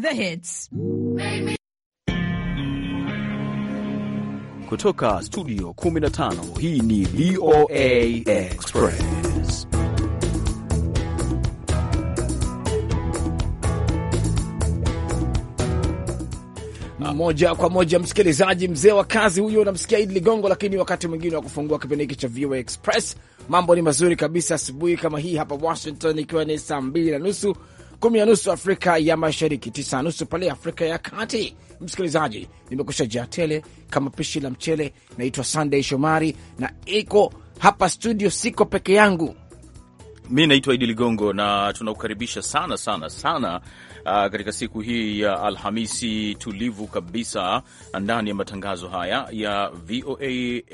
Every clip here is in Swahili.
The Hits. Kutoka studio 15 hii ni VOA Express. Moja kwa moja, msikilizaji, mzee wa kazi huyo, unamsikia Idi Ligongo, lakini wakati mwingine wa kufungua kipindi hiki cha VOA Express. Mambo ni mazuri kabisa asubuhi kama hii hapa Washington, ikiwa ni saa mbili na nusu kumi na nusu Afrika ya Mashariki, tisa na nusu pale Afrika ya Kati. Msikilizaji, nimekusha jaa tele kama pishi la mchele. Naitwa Sunday Shomari na iko hapa studio, siko peke yangu. Mi naitwa Idi Ligongo na tunakukaribisha sana sana sana Uh, katika siku hii ya Alhamisi tulivu kabisa ndani ya matangazo haya ya VOA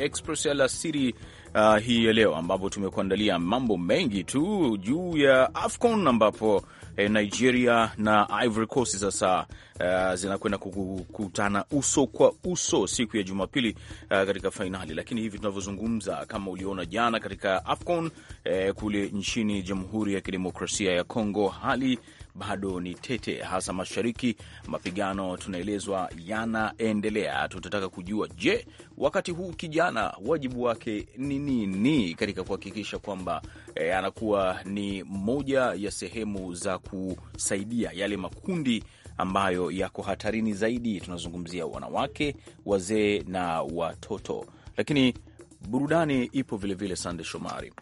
Express alasiri uh, hii ya leo ambapo tumekuandalia mambo mengi tu juu ya AFCON ambapo Eh, Nigeria na Ivory Coast sasa uh, zinakwenda kukutana uso kwa uso siku ya Jumapili uh, katika fainali. Lakini hivi tunavyozungumza, kama uliona jana katika AFCON uh, kule nchini Jamhuri ya Kidemokrasia ya Kongo, hali bado ni tete, hasa mashariki. Mapigano tunaelezwa yanaendelea. Tutataka kujua, je, wakati huu kijana wajibu wake ni nini katika kuhakikisha kwamba e, anakuwa ni moja ya sehemu za kusaidia yale makundi ambayo yako hatarini zaidi. Tunazungumzia wanawake, wazee na watoto, lakini burudani ipo vilevile. Sande Shomari,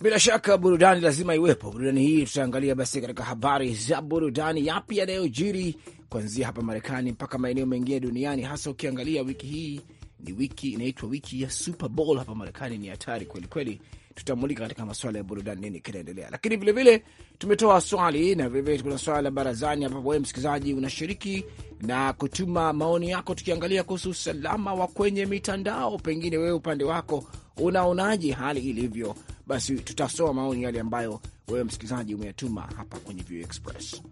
bila shaka burudani lazima iwepo. Burudani hii tutaangalia basi katika habari za burudani, yapi yanayojiri kuanzia hapa Marekani mpaka maeneo mengine duniani, hasa ukiangalia wiki hii ni wiki inaitwa wiki ya Super Bowl hapa Marekani. Ni hatari kwelikweli. Tutamulika katika masuala ya burudani, nini kinaendelea, lakini vilevile tumetoa swali na vilevile kuna swala la barazani, ambapo wewe msikilizaji unashiriki na kutuma maoni yako, tukiangalia kuhusu usalama wa kwenye mitandao. Pengine wewe upande wako unaonaje hali ilivyo? Basi tutasoma maoni yale ambayo wewe msikilizaji umeyatuma hapa kwenye View Express.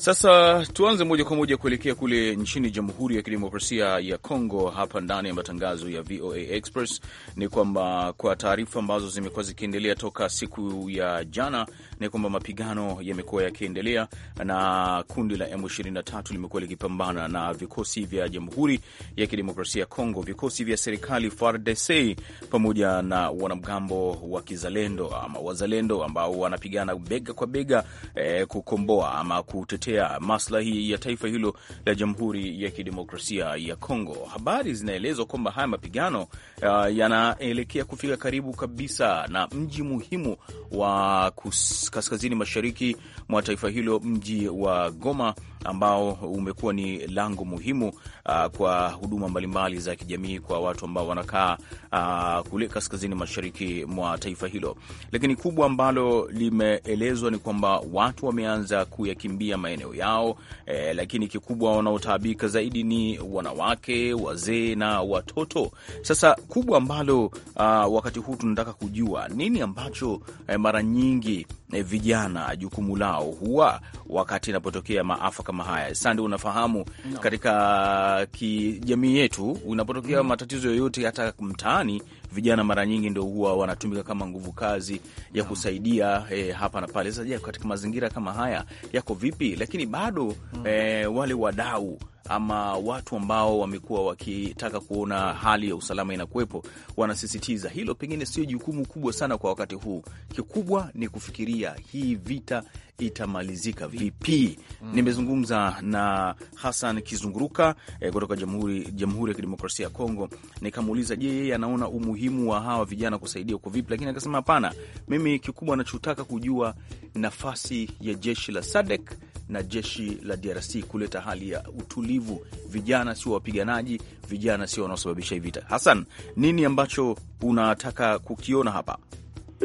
Sasa tuanze moja kwa moja kuelekea kule nchini Jamhuri ya Kidemokrasia ya Kongo. Hapa ndani ya matangazo ya VOA Express ni kwamba kwa taarifa ambazo zimekuwa zikiendelea toka siku ya jana, ni kwamba mapigano yamekuwa yakiendelea na kundi la M23 limekuwa likipambana na vikosi vya Jamhuri ya Kidemokrasia ya Kongo, vikosi vya serikali FARDC pamoja na wanamgambo wa kizalendo ama wazalendo ambao wanapigana bega kwa bega eh, kukomboa ama kutetea kutetea maslahi ya taifa hilo la Jamhuri ya Kidemokrasia ya Kongo. Habari zinaelezwa kwamba haya mapigano uh, yanaelekea kufika karibu kabisa na mji muhimu wa kus, kaskazini mashariki mwa taifa hilo, mji wa Goma ambao umekuwa ni lango muhimu uh, kwa huduma mbalimbali za kijamii kwa watu ambao wanakaa uh, kule kaskazini mashariki mwa taifa hilo, lakini kubwa ambalo limeelezwa ni kwamba watu wameanza kuyakimbia maeneo maeneo yao e, eh, lakini kikubwa wanaotaabika zaidi ni wanawake, wazee na watoto. Sasa kubwa ambalo uh, wakati huu tunataka kujua nini ambacho eh, mara nyingi eh, vijana jukumu lao huwa wakati inapotokea maafa kama haya. Sande, unafahamu no. katika kijamii yetu unapotokea mm. matatizo yoyote hata mtaani vijana mara nyingi ndio huwa wanatumika kama nguvu kazi ya kusaidia eh, hapa na pale. Sasa je, katika mazingira kama haya yako vipi? Lakini bado eh, wale wadau ama watu ambao wamekuwa wakitaka kuona hali ya usalama inakuwepo, wanasisitiza hilo pengine sio jukumu kubwa sana kwa wakati huu. Kikubwa ni kufikiria hii vita itamalizika vipi? Mm. Nimezungumza na Hassan Kizunguruka eh, kutoka Jamhuri Jamhuri ya Kidemokrasia ya Kongo, nikamuuliza je, yeye anaona umuhimu wa hawa vijana kusaidia huko vipi, lakini akasema hapana, mimi kikubwa anachotaka kujua nafasi ya jeshi la SADC na jeshi la DRC kuleta hali ya utulivu utulivu. Vijana sio wapiganaji, vijana sio wanaosababisha vita. Hasan, nini ambacho unataka kukiona hapa?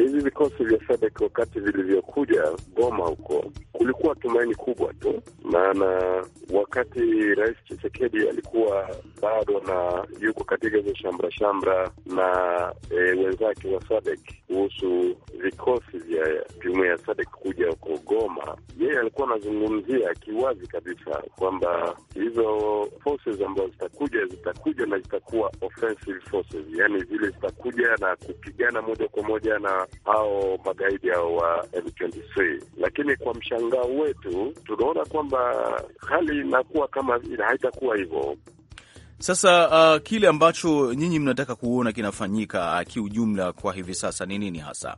hivi vikosi vya SADC wakati vilivyokuja Goma huko, kulikuwa tumaini kubwa tu, maana wakati Rais Chisekedi alikuwa bado na yuko katika hizo shamra shamra na e, wenzake wa SADC kuhusu vikosi vya jumuiya ya SADC kuja huko Goma, yeye alikuwa anazungumzia kiwazi kabisa kwamba hizo forces ambazo zitakuja zitakuja na zitakuwa offensive forces, yani zile zitakuja na kupigana moja kwa moja na au hao magaidi hao wa M23, lakini kwa mshangao wetu tunaona kwamba hali inakuwa kama haitakuwa hivyo. Sasa uh, kile ambacho nyinyi mnataka kuona kinafanyika kiujumla kwa hivi sasa ni nini hasa?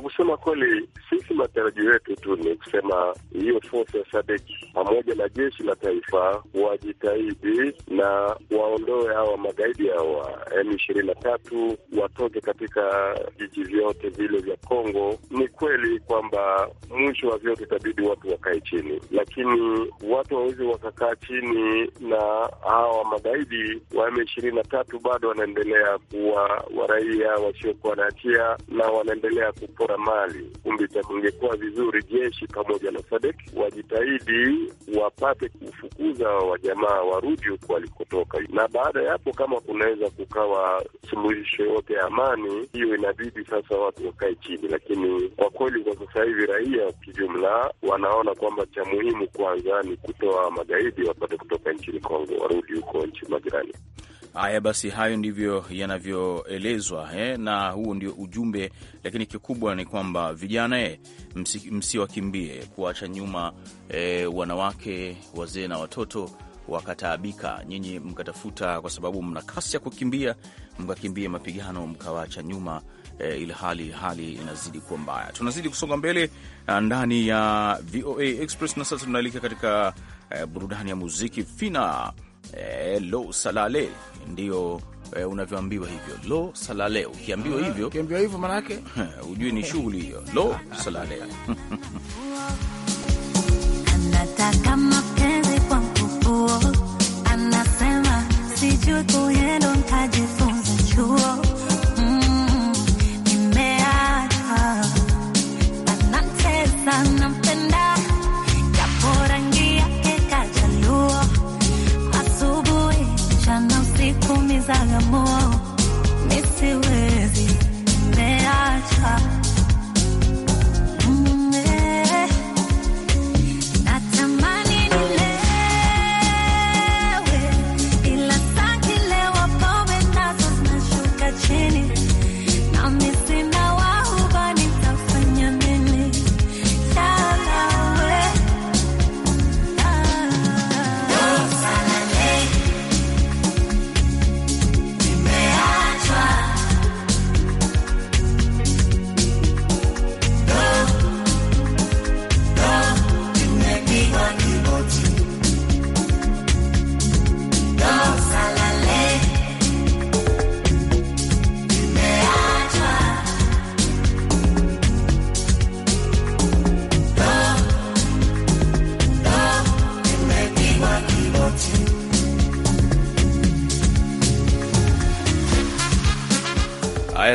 kusema kweli, sisi matarajio yetu tu ni kusema hiyo force ya Sadeki pamoja na jeshi la taifa wajitahidi na waondoe hawa magaidi hawa M ishirini na tatu watoke katika vijiji vyote vile vya Kongo. Ni kweli kwamba mwisho wa vyote itabidi watu wakae chini, lakini watu waweze wakakaa chini na hawa magaidi wa M ishirini na tatu bado wanaendelea kuwa waraia wasiokuwa na hatia na wanaendelea kupo wa Mali. Kumbe ingekuwa vizuri jeshi pamoja na Sadek wajitahidi wapate kufukuza wajamaa warudi huko walikotoka, na baada ya hapo, kama kunaweza kukawa suluhisho yote ya amani, hiyo inabidi sasa watu wakae chini. Lakini kwa kweli, kwa sasa hivi raia kijumla wanaona kwamba cha muhimu kwanza ni kutoa magaidi wapate kutoka nchini Kongo, warudi huko nchi majirani. Haya basi, hayo ndivyo yanavyoelezwa eh, na huo ndio ujumbe, lakini kikubwa ni kwamba vijana eh, msiwakimbie kuacha nyuma eh, wanawake, wazee na watoto wakataabika. Nyinyi mkatafuta, kwa sababu mna kasi ya kukimbia, mkakimbie mapigano mkawacha nyuma eh, ili hali hali inazidi kuwa mbaya. Tunazidi kusonga mbele ah, ndani ya VOA Express, na sasa tunaelekea katika eh, burudani ya muziki fina eh, lo salale ndio eh, unavyoambiwa hivyo lo salale. Ukiambiwa hivyo ukiambiwa hivyo manake ujui ni shughuli hiyo lo salale anasema sijui nkajifunza chuo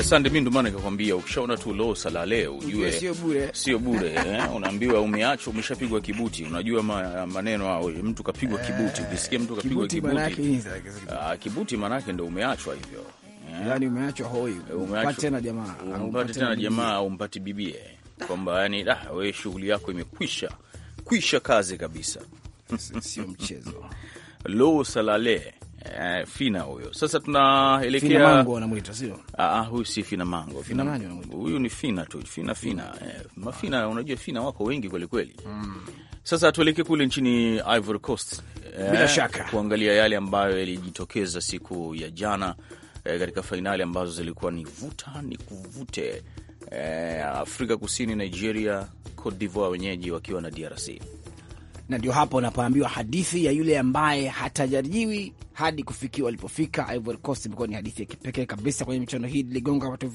eh, sande, mi ndomana nikakwambia ukishaona tu loo salale ujue sio bure, sio bure eh, unaambiwa umeachwa, umeshapigwa kibuti. Unajua ma, maneno hao, mtu kapigwa eh, kibuti. Ukisikia mtu kapigwa kibuti, kibuti maanake ah, ndo umeachwa hivyo yeah. Yani umeachwa hoi, eh, umpate tena jamaa, umpate tena jamaa au umpate bibie, eh? kwamba yani ah, we shughuli yako imekwisha kwisha kazi kabisa, sio mchezo. Lo salale Eh, Fina huyo. Sasa tunaelekea Fina Mango anamuita sio? Ah, ah, huyu si Fina Mango. Fina Mango anamuita. Huyu ni Fina tu. Fina Fina. Hmm. Eh, mafina unajua Fina wako wengi kweli kweli. Mm. Sasa tuelekee kule nchini Ivory Coast. Eh, bila shaka kuangalia yale ambayo yalijitokeza siku ya jana eh, katika fainali ambazo zilikuwa ni vuta ni kuvute. Eh, Afrika Kusini, Nigeria, Cote d'Ivoire wenyeji wakiwa na DRC na ndio hapo unapoambiwa hadithi ya yule ambaye hatajariwi hadi kufikia walipofika. Ivory Coast imekuwa ni hadithi ya kipekee kabisa kwenye michano hii, iligonga watu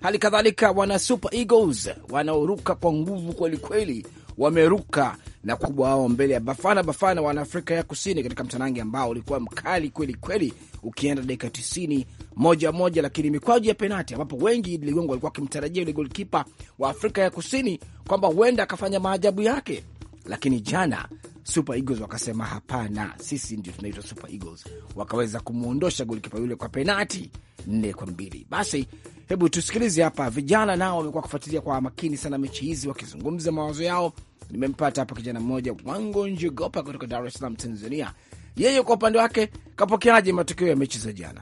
Hali kadhalika wana Super Eagles wanaoruka kwa nguvu kwelikweli, wameruka na kubwa wao mbele ya Bafana Bafana wana Afrika ya Kusini katika mtanangi ambao ulikuwa mkali kweli kweli, ukienda dakika tisini moja moja, lakini mikwaju ya penati ambapo wengi ligongo walikuwa wakimtarajia yule golkipa wa Afrika ya Kusini kwamba huenda akafanya maajabu yake lakini jana Super Eagles wakasema hapana, sisi ndio tunaitwa Super Eagles. Wakaweza kumwondosha golikipa yule kwa penati nne kwa mbili. Basi hebu tusikilize hapa, vijana nao wamekuwa kufuatilia kwa makini sana mechi hizi, wakizungumza mawazo yao. Nimempata hapa kijana mmoja Wango Njogopa kutoka Dar es Salaam, Tanzania. Yeye kwa upande wake kapokeaje matokeo ya mechi za jana?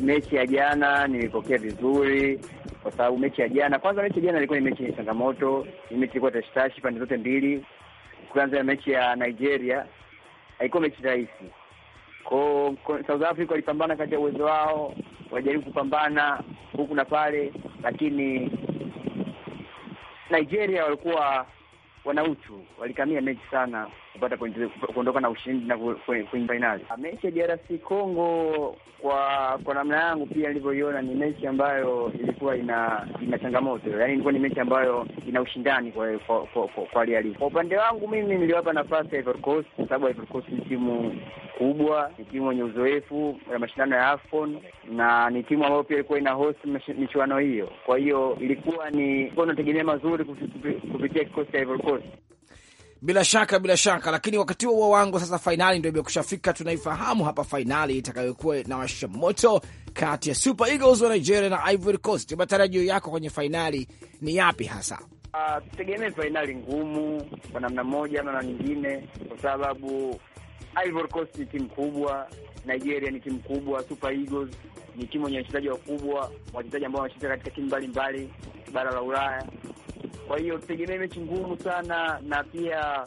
Mechi ya jana nilipokea vizuri kwa sababu mechi ya jana, kwanza mechi ya jana ilikuwa ni mechi yenye changamoto, ni mechi ilikuwa tashitashi pande zote mbili, kwanza mechi ya Nigeria haikuwa mechi rahisi. Kwa South Africa walipambana kati ya uwezo wao, walijaribu kupambana huku na pale, lakini Nigeria walikuwa wana walikamia mechi sana kupata pointi, kuondoka na ushindi na kuingia fainali. Ah, mechi ya DRC Congo kwa kwa namna yangu pia nilivyoiona, ni mechi ambayo ilikuwa ina ina changamoto, yaani ilikuwa ni mechi ambayo ina ushindani kwa kwa kwa, kwa, kwa, kwa upande wangu mimi niliwapa nafasi ya Ivory Coast kwa sababu Ivory Coast ni timu kubwa, ni timu yenye uzoefu ya mashindano ya AFCON na ni timu ambayo pia ilikuwa ina host michuano hiyo. Kwa hiyo ilikuwa ni kwa inategemea mazuri kupitia kikosi cha Ivory Coast. Bila shaka, bila shaka. Lakini wakati huo wangu sasa, fainali ndio imekushafika. Tunaifahamu hapa fainali itakayokuwa na washa moto kati ya Super Eagles wa Nigeria na Ivory Coast. Matarajio yako kwenye fainali ni yapi hasa? Uh, ah, fainali ngumu kwa namna moja ama na nyingine, kwa sababu Ivory Coast ni timu kubwa, Nigeria ni timu kubwa, Super Eagles ni timu wenye wachezaji wakubwa, wachezaji ambao wanacheza katika timu mbalimbali bara la Ulaya. Kwa hiyo tutegemee mechi ngumu sana, na pia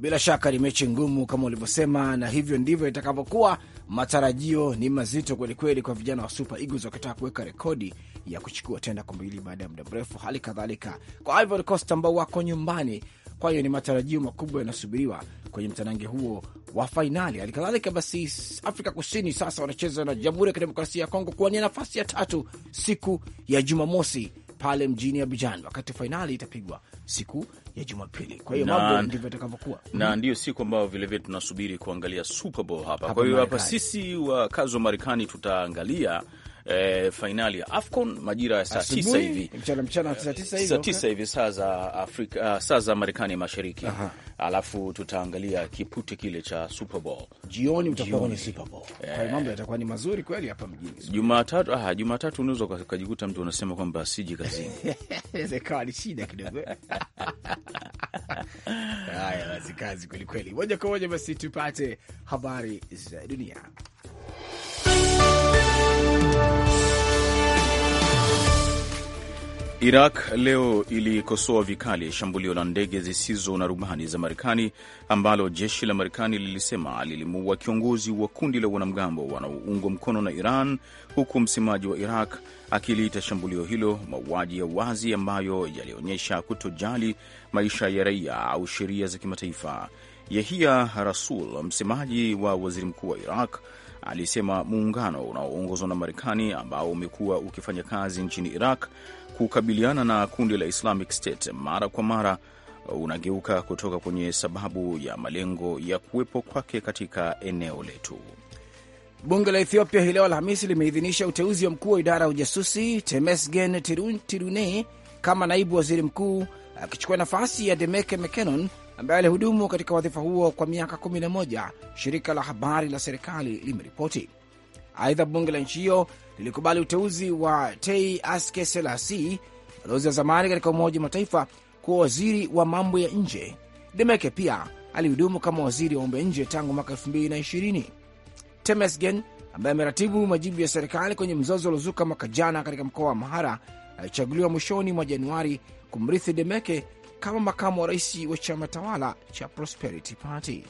bila shaka ni mechi ngumu kama ulivyosema, na hivyo ndivyo itakavyokuwa. Matarajio ni mazito kwelikweli kwa vijana wa Super Eagles wakitaka kuweka rekodi ya kuchukua tena kombe hili baada ya muda mrefu, hali kadhalika kwa Ivory Coast ambao wako nyumbani. Kwa hiyo ni matarajio makubwa yanasubiriwa kwenye mtanange huo wa fainali. Hali kadhalika basi, Afrika Kusini sasa wanacheza na Jamhuri ya Kidemokrasia ya Kongo kuwania nafasi ya tatu siku ya Jumamosi pale mjini abijan wakati fainali itapigwa siku ya Jumapili. Kwa hiyo mambo ndivyo yatakavyokuwa, na mhm. ndiyo siku ambayo vilevile tunasubiri kuangalia Super Bowl hapa. Kwa hiyo hapa sisi wakazi wa Marekani tutaangalia eh, fainali ya AFCON majira ya saa tisa hivi mchana mchana saa tisa hivi saa za Afrika, uh, saa za Marekani mashariki. Aha. Alafu tutaangalia kipute kile cha Super Bowl jioni, utakuwa kwenye Super Bowl kwa mambo yatakuwa ni mazuri kweli hapa mjini. Jumatatu, ah, Jumatatu unaweza ukajikuta mtu unasema kwamba siji kazini, inawezekana ni shida kidogo. Haya basi, kazi kwelikweli. Moja kwa moja basi tupate habari za dunia. Iraq leo ilikosoa vikali shambulio la ndege zisizo na rubani za Marekani ambalo jeshi la Marekani lilisema lilimuua kiongozi wa kundi la wanamgambo wanaoungwa mkono na Iran, huku msemaji wa Iraq akiliita shambulio hilo mauaji ya wazi ambayo yalionyesha kutojali maisha ya raia au sheria za kimataifa. Yahya Rasul, msemaji wa waziri mkuu wa Iraq, alisema muungano unaoongozwa na Marekani ambao umekuwa ukifanya kazi nchini Iraq kukabiliana na kundi la Islamic State mara kwa mara unageuka kutoka kwenye sababu ya malengo ya kuwepo kwake katika eneo letu. Bunge la Ethiopia hii leo Alhamisi limeidhinisha uteuzi wa mkuu wa idara ya ujasusi Temesgen Tirune kama naibu waziri mkuu akichukua nafasi ya Demeke Mekonnen ambaye alihudumu katika wadhifa huo kwa miaka 11, shirika la habari la serikali limeripoti. Aidha, bunge la nchi hiyo lilikubali uteuzi wa Tei Aske Selasi, balozi wa zamani katika Umoja wa Mataifa, kuwa waziri wa mambo ya nje. Demeke pia alihudumu kama waziri wa mambo ya nje tangu mwaka 2020. Temesgen ambaye ameratibu majibu ya serikali kwenye mzozo uliozuka mwaka jana katika mkoa wa Mahara alichaguliwa mwishoni mwa Januari kumrithi Demeke kama makamu wa rais wa chama tawala cha Prosperity Party.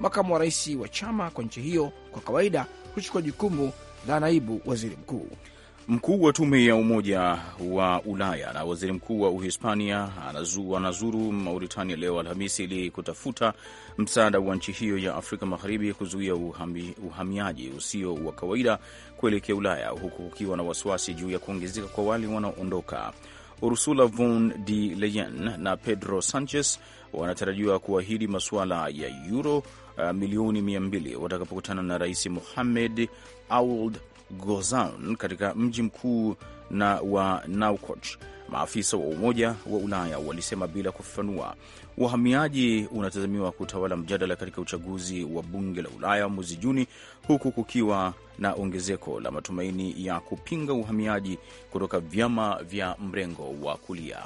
Makamu wa rais wa chama kwa nchi hiyo kwa kawaida huchukua jukumu na naibu waziri mkuu. Mkuu wa tume ya Umoja wa Ulaya na waziri mkuu wa Uhispania anazuru Mauritania leo Alhamisi ili kutafuta msaada wa nchi hiyo ya Afrika Magharibi kuzuia uhami, uhamiaji usio wa kawaida kuelekea Ulaya, huku kukiwa na wasiwasi juu ya kuongezeka kwa wale wanaoondoka. Ursula von der Leyen na Pedro Sanchez wanatarajiwa kuahidi masuala ya euro uh, milioni 20 watakapokutana na Rais muhamed Ould Ghazouan katika mji mkuu na wa Nouakchott. Maafisa wa Umoja wa Ulaya walisema bila kufafanua. Uhamiaji unatazamiwa kutawala mjadala katika uchaguzi wa bunge la Ulaya mwezi Juni, huku kukiwa na ongezeko la matumaini ya kupinga uhamiaji kutoka vyama vya mrengo wa kulia.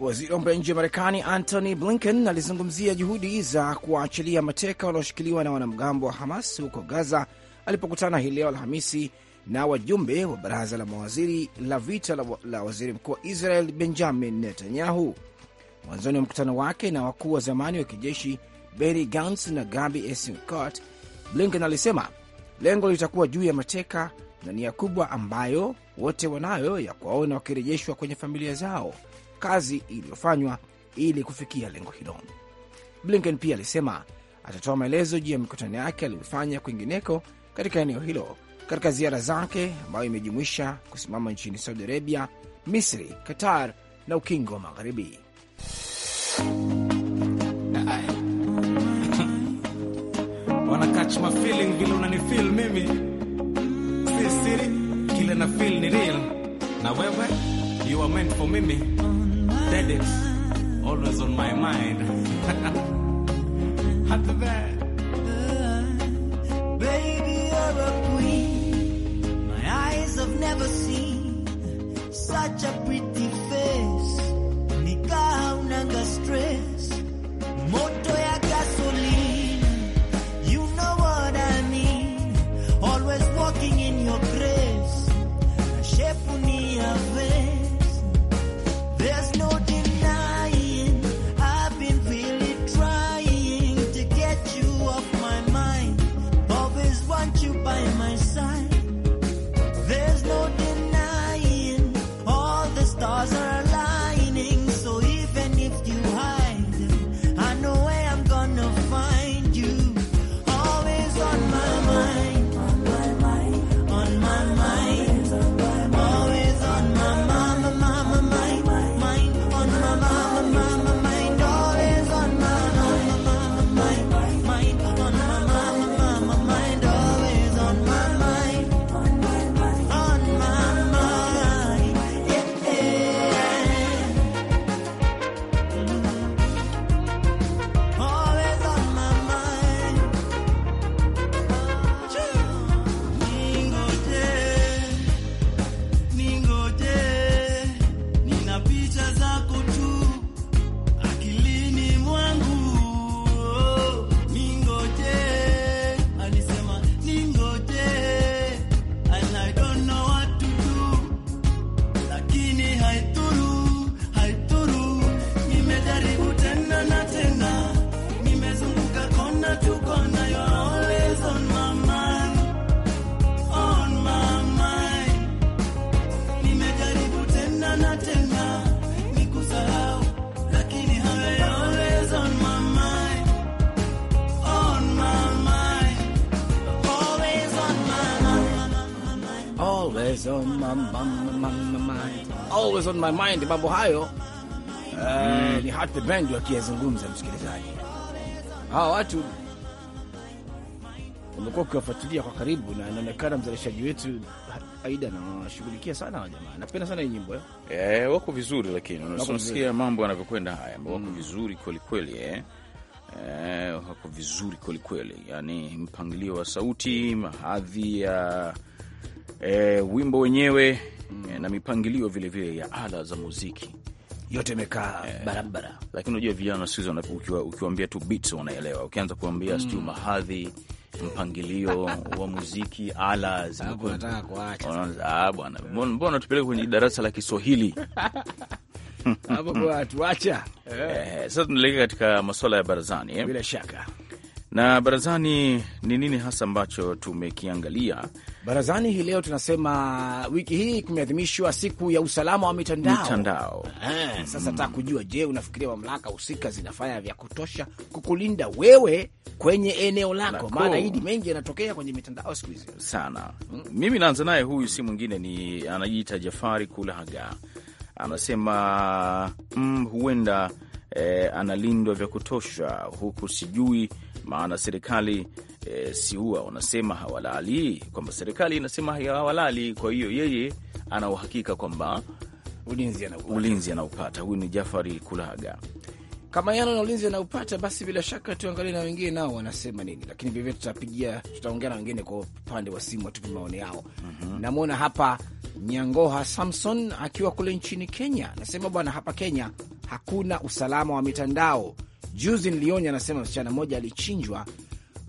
Waziri wa mambo ya nje wa Marekani Antony Blinken alizungumzia juhudi za kuwaachilia mateka walioshikiliwa na wanamgambo wa Hamas huko Gaza alipokutana hii leo Alhamisi na wajumbe wa baraza la mawaziri la vita la, la waziri mkuu wa Israel Benjamin Netanyahu. Mwanzoni wa mkutano wake na wakuu wa zamani wa kijeshi Benny Gantz na Gabi Eisenkot, Blinken alisema lengo litakuwa juu ya mateka na nia kubwa ambayo wote wanayo ya kuwaona wakirejeshwa kwenye familia zao kazi iliyofanywa ili kufikia lengo hilo. Blinken pia alisema atatoa maelezo juu ya mikutano yake aliyofanya kwingineko katika eneo hilo katika ziara zake ambayo imejumuisha kusimama nchini Saudi Arabia, Misri, Qatar na Ukingo wa Magharibi. Dedex, always on my mind. Happy that, Baby, you're a queen. My eyes have never seen such a pretty face. Always on my, my, my my mind. Always on my mind. Mambo hayo eh, ni Hart the Band wakiyazungumza, msikilizaji. Hawa watu umekuwa ukiwafuatilia kwa karibu na inaonekana mzalishaji wetu Aida anawashughulikia sana wa jamaa. Napenda sana hii nyimbo eh. Eh, wako vizuri lakini unasikia mambo yanavyokwenda haya. Wako mm. vizuri kweli kweli eh. Eh, wako vizuri kweli kweli. Yaani mpangilio wa sauti, mahadhi ya uh, e, wimbo wenyewe mm. e, na mipangilio vilevile ya ala za muziki yote imekaa eh, barabara. Lakini unajua vijana siku hizi ukiwaambia tu beats wanaelewa, ukianza kuambia mm. sijui mahadhi, mpangilio wa muziki, ala ah, bwana, mbona tupeleke kwenye darasa la Kiswahili? E, sasa tunaelekea katika masuala ya barazani eh? bila shaka na barazani ni nini hasa ambacho tumekiangalia barazani hii leo? Tunasema wiki hii kumeadhimishwa siku ya usalama wa mitandao, mitandao. Eh, sasa mm. ta kujua, je, unafikiria mamlaka husika zinafanya vya kutosha kukulinda wewe kwenye eneo lako? Maana idi mengi yanatokea kwenye mitandao siku hizi sana mm. Mimi naanza naye, huyu si mwingine ni anajiita Jafari Kulaga, anasema mm, huenda eh, analindwa vya kutosha huku sijui maana serikali e, si huwa wanasema hawalali, kwamba serikali inasema hawalali. Kwa hiyo yeye ana uhakika kwamba ulinzi anaupata. Huyu ni Jafari Kulaga. Kama yana na ulinzi anaupata, basi bila shaka tuangalie na wengine nao wanasema nini, lakini vivyo tutapigia, tutaongea na wengine kwa upande wa simu, watupe maoni yao. mm -hmm. Namwona hapa Nyangoha Samson akiwa kule nchini Kenya, anasema bwana, hapa Kenya hakuna usalama wa mitandao Juzi nilionya, anasema msichana mmoja alichinjwa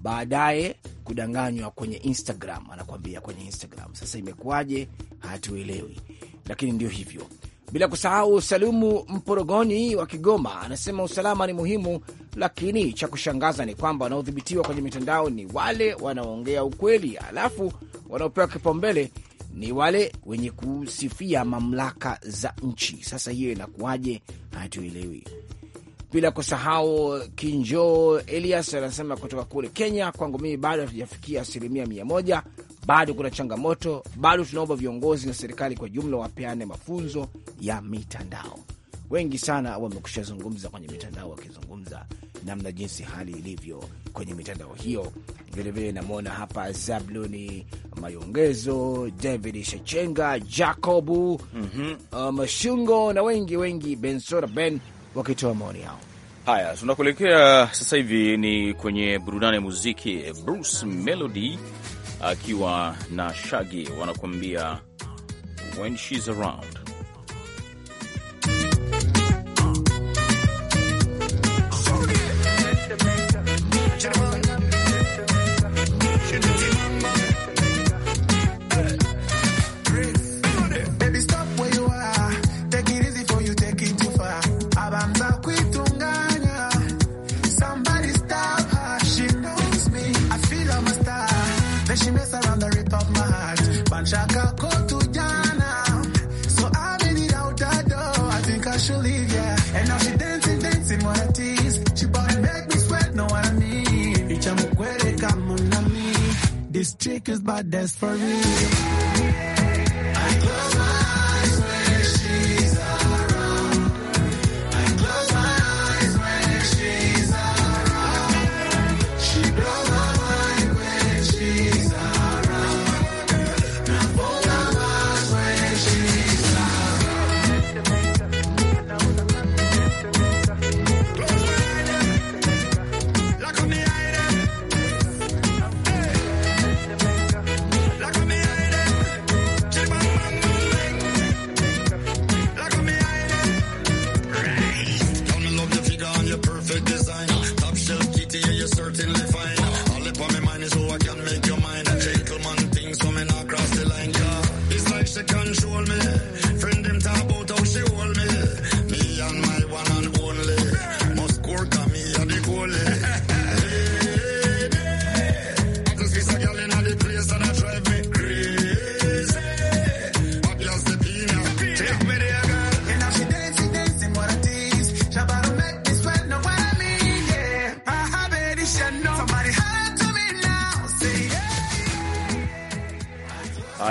baadaye kudanganywa kwenye Instagram, anakuambia kwenye Instagram. Sasa imekuwaje? Hatuelewi, lakini ndio hivyo. Bila kusahau Salumu Mporogoni wa Kigoma anasema usalama ni muhimu, lakini cha kushangaza ni kwamba wanaodhibitiwa kwenye mitandao ni wale wanaoongea ukweli, alafu wanaopewa kipaumbele ni wale wenye kusifia mamlaka za nchi. Sasa hiyo inakuwaje? Hatuelewi bila kusahau Kinjo Elias anasema kutoka kule Kenya, kwangu mimi bado hatujafikia asilimia mia moja, bado kuna changamoto, bado tunaomba viongozi na serikali kwa jumla wapeane mafunzo ya mitandao. Wengi sana wamekusha zungumza kwenye mitandao, wakizungumza namna jinsi hali ilivyo kwenye mitandao hiyo. Vilevile namwona hapa Zabluni Mayongezo, David Shechenga, Jacobu mm -hmm. uh, Mashungo na wengi wengi, Bensora Ben wakitoa maoni yao. Haya, tunakuelekea sasa hivi ni kwenye burudani ya muziki. Bruce Melody akiwa na Shaggy wanakuambia when she's around. This chick is my best for real.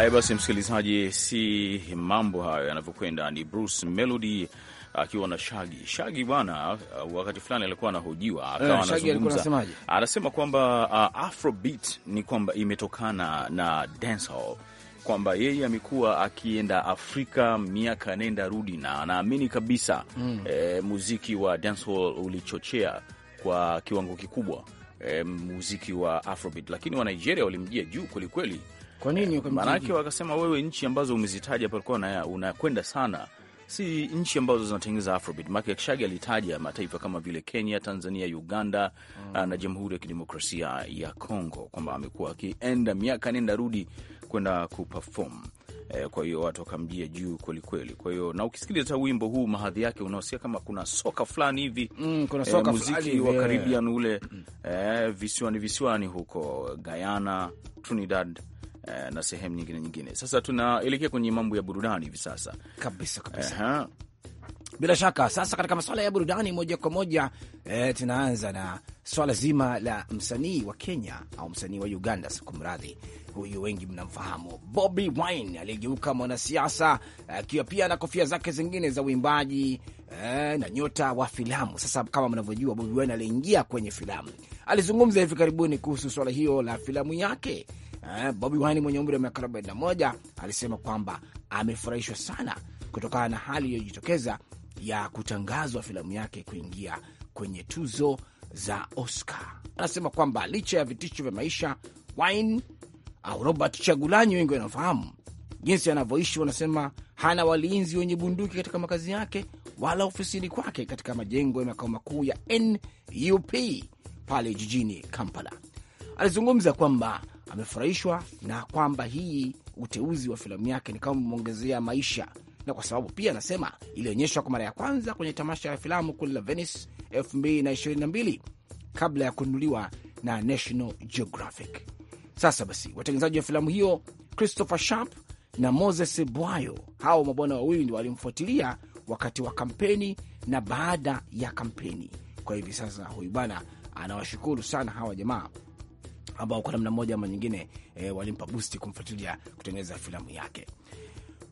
Haya basi, msikilizaji, si mambo hayo yanavyokwenda. Ni Bruce Melody akiwa na Shagi. Shagi bwana, wakati fulani alikuwa anahojiwa eh, akawa anazungumza, anasema kwamba uh, afrobeat ni kwamba imetokana na dancehall kwamba yeye amekuwa akienda Afrika miaka anaenda rudi, na anaamini kabisa mm. e, muziki wa dancehall ulichochea kwa kiwango kikubwa e, muziki wa afrobeat, lakini wa Nigeria walimjia juu kwelikweli kwa nini? Maanake wakasema wewe, nchi ambazo umezitaja palikuwa na unakwenda sana si nchi ambazo zinatengeneza Afrobeat. Maki Kishagi alitaja mataifa kama vile Kenya, Tanzania, Uganda mm. na Jamhuri ya Kidemokrasia ya Kongo, kwamba amekuwa akienda miaka nenda rudi kwenda kuperform e, kwa hiyo watu wakamjia juu kwelikweli. Kwa hiyo na ukisikiliza wimbo huu mahadhi yake unasikia kama kuna soka fulani hivi mm, kuna eh, soka e, muziki wa Karibian ule mm. e, visiwani visiwani huko Guyana, Trinidad Eh, na sehemu nyingine nyingine. Sasa tunaelekea kwenye mambo ya burudani hivi sasa kabisa kabisa. Aha. Bila shaka sasa, katika masuala ya burudani moja kwa moja e, tunaanza na swala zima la msanii wa Kenya au msanii wa Uganda, sikumradhi, huyu wengi mnamfahamu Bobi Wine aliyegeuka mwanasiasa akiwa e, pia na kofia zake zingine za uimbaji e, na nyota wa filamu. Sasa kama mnavyojua, Bobi Wine aliingia kwenye filamu, alizungumza hivi karibuni kuhusu swala hiyo la filamu yake eh, Bobi Wine mwenye umri wa miaka 41 alisema kwamba amefurahishwa sana kutokana na hali iliyojitokeza ya kutangazwa filamu yake kuingia kwenye tuzo za Oscar. Anasema kwamba licha ya vitisho vya maisha, Wine au Robert Chagulanyi wengi wanafahamu jinsi anavyoishi. Wanasema hana walinzi wenye bunduki katika makazi yake wala ofisini kwake katika majengo ya makao makuu ya NUP pale jijini Kampala. Alizungumza kwamba amefurahishwa na kwamba hii uteuzi wa filamu yake ni kama umeongezea maisha, na kwa sababu pia anasema ilionyeshwa kwa mara ya kwanza kwenye tamasha la filamu kule la Venice 222 kabla ya kununuliwa na National Geographic. Sasa basi, watengenezaji wa filamu hiyo Christopher Sharp na Moses Bwayo, hao mabwana wawili ndio walimfuatilia wakati wa kampeni na baada ya kampeni. Kwa hivi sasa huyu bwana anawashukuru sana hawa jamaa ambao kwa namna moja ama nyingine e, walimpa busti kumfuatilia kutengeneza filamu yake.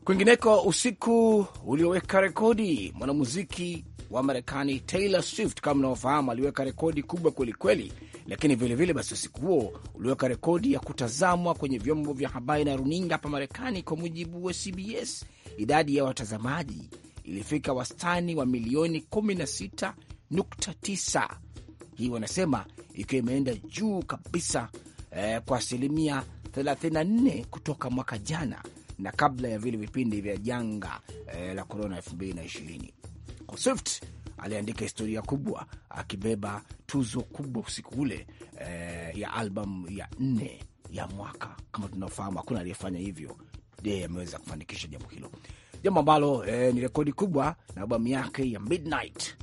Kwingineko, usiku ulioweka rekodi, mwanamuziki wa Marekani Taylor Swift kama mnaofahamu, aliweka rekodi kubwa kwelikweli, lakini vilevile vile basi usiku huo uliweka rekodi ya kutazamwa kwenye vyombo vya habari na runinga hapa Marekani. Kwa mujibu wa CBS, idadi ya watazamaji ilifika wastani wa milioni 16.9 hii wanasema ikiwa imeenda juu kabisa eh, kwa asilimia 34 kutoka mwaka jana na kabla ya vile vipindi vya janga eh, la korona 2020. Swift aliandika historia kubwa akibeba tuzo kubwa usiku ule eh, ya albamu ya nne ya mwaka. Kama tunaofahamu, hakuna aliyefanya hivyo, yeye ameweza kufanikisha jambo hilo, jambo ambalo eh, ni rekodi kubwa na albamu yake ya Midnight.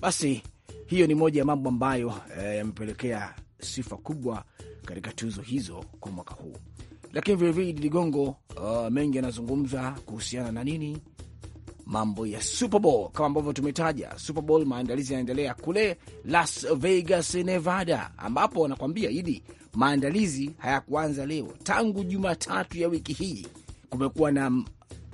Basi hiyo ni moja ya mambo ambayo eh, yamepelekea sifa kubwa katika tuzo hizo kwa mwaka huu. Lakini vilevile Idi Ligongo, uh, mengi yanazungumza kuhusiana na nini, mambo ya Super Bowl kama ambavyo tumetaja. Super Bowl maandalizi yanaendelea kule Las Vegas, Nevada, ambapo wanakwambia Idi, maandalizi hayakuanza leo. Tangu Jumatatu ya wiki hii kumekuwa na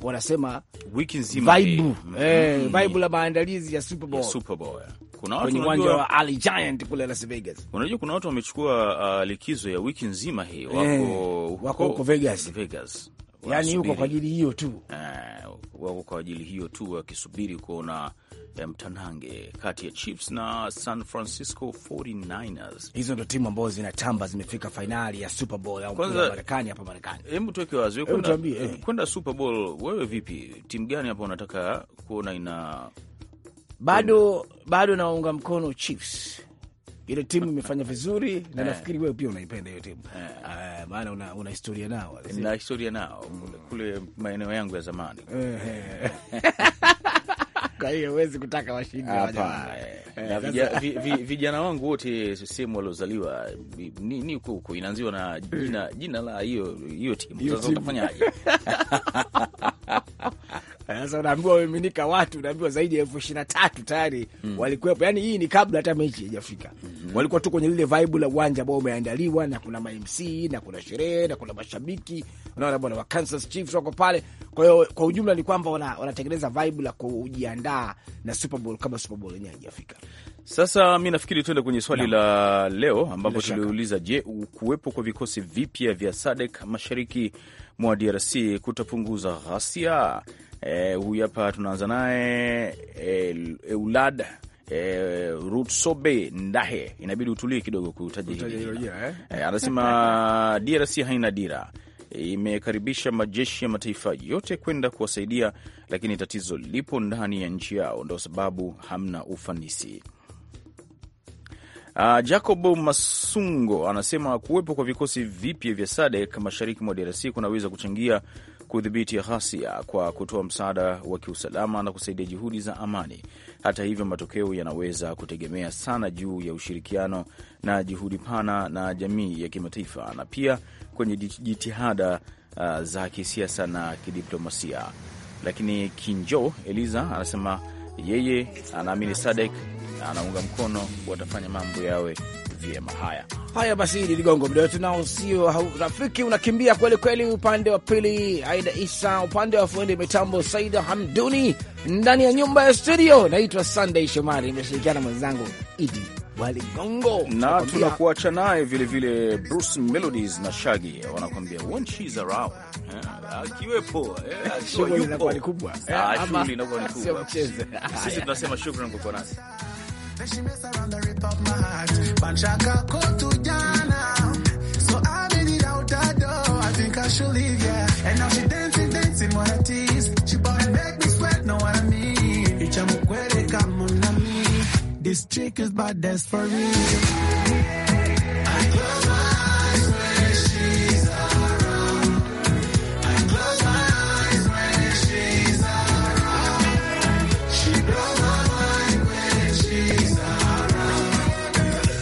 wanasema wiki nzima vibe eh, mm. Mm-hmm. vaibu la maandalizi ya Super Bowl, ya Super Bowl kuna watu kwenye uwanja wa Ali Giant kule Las Vegas. Unajua kuna watu wamechukua uh, likizo ya wiki nzima hii wako eh, wako huko Vegas, Vegas yani huko kwa ajili hiyo tu, eh, wako kwa ajili hiyo tu, wakisubiri kuona eh, mtanange kati ya Chiefs na San Francisco 49ers. Hizo ndo timu ambazo zinatamba zimefika fainali ya Super Bowl au Marekani hapa Marekani. Hebu tuweke wazi, eh. kwenda Super Bowl wewe vipi, timu gani hapo unataka kuona ina bado bado naunga mkono Chiefs. Ile timu imefanya vizuri na nafikiri wewe pia unaipenda hiyo timu. Ah, maana una, una historia nao na historia nao kule, kule maeneo yangu ya zamani kwa hiyo huwezi kutaka washinde na eh, vijana wangu wote sehemu waliozaliwa ni, ni kuku inaanziwa na jina, jina la hiyo hiyo timu. Sasa utafanyaje? Sasa unaambiwa wameminika watu, unaambiwa zaidi ya elfu ishirini na tatu tayari mm. walikuwepo. Yani hii ni kabla hata mechi haijafika mm -hmm. walikuwa tu kwenye lile vibe la uwanja ambao umeandaliwa na kuna na kuna sherehe na kuna mashabiki, unaona bwana wa Kansas Chiefs wako pale. Kwa hiyo kwa ujumla ni kwamba wanatengeneza vibe la kujiandaa na Super Bowl Super Bowl yenyewe haijafika. Sasa mi nafikiri tuende kwenye swali la leo ambapo tuliuliza, je, kuwepo kwa vikosi vipya vya SADC mashariki mwa DRC kutapunguza ghasia? eh, huyu hapa tunaanza naye eh, Eulad E, Rutsobe Ndahe, inabidi utulie kidogo kutaja hili yeah, eh? E, anasema DRC haina dira e, imekaribisha majeshi ya mataifa yote kwenda kuwasaidia, lakini tatizo lipo ndani ya nchi yao, ndo sababu hamna ufanisi. Uh, Jacob Masungo anasema kuwepo kwa vikosi vipya vya SADC mashariki mwa DRC kunaweza kuchangia kudhibiti ghasia kwa kutoa msaada wa kiusalama na kusaidia juhudi za amani. Hata hivyo, matokeo yanaweza kutegemea sana juu ya ushirikiano na juhudi pana na jamii ya kimataifa na pia kwenye jitihada uh, za kisiasa na kidiplomasia. Lakini Kinjo Eliza anasema yeye anaamini Sadek anaunga mkono watafanya mambo yawe vyema. Haya haya, basi Idi Ligongo, muda wetu nao sio rafiki, unakimbia kweli kweli. Upande wa pili Aida Isa, upande wa fundi mitambo Saida Hamduni, ndani ya nyumba ya studio naitwa Sunday Shomari, imeshirikiana mwenzangu Idi Waligongo na tunakuacha naye vilevile Bruce Melodies na Shaggy wanakuambia when she's around, eh, akiwepo eh, shughuli inakuwa ni kubwa. Ah, Sisi tunasema shukran kwa kuwa nasi. Then she mess around and rip up my heart. to So I made it out door. I think I should leave, yeah. And now she dancing, dancing She make me sweat, know what I mean. This chick is bad, that's for real. Yeah.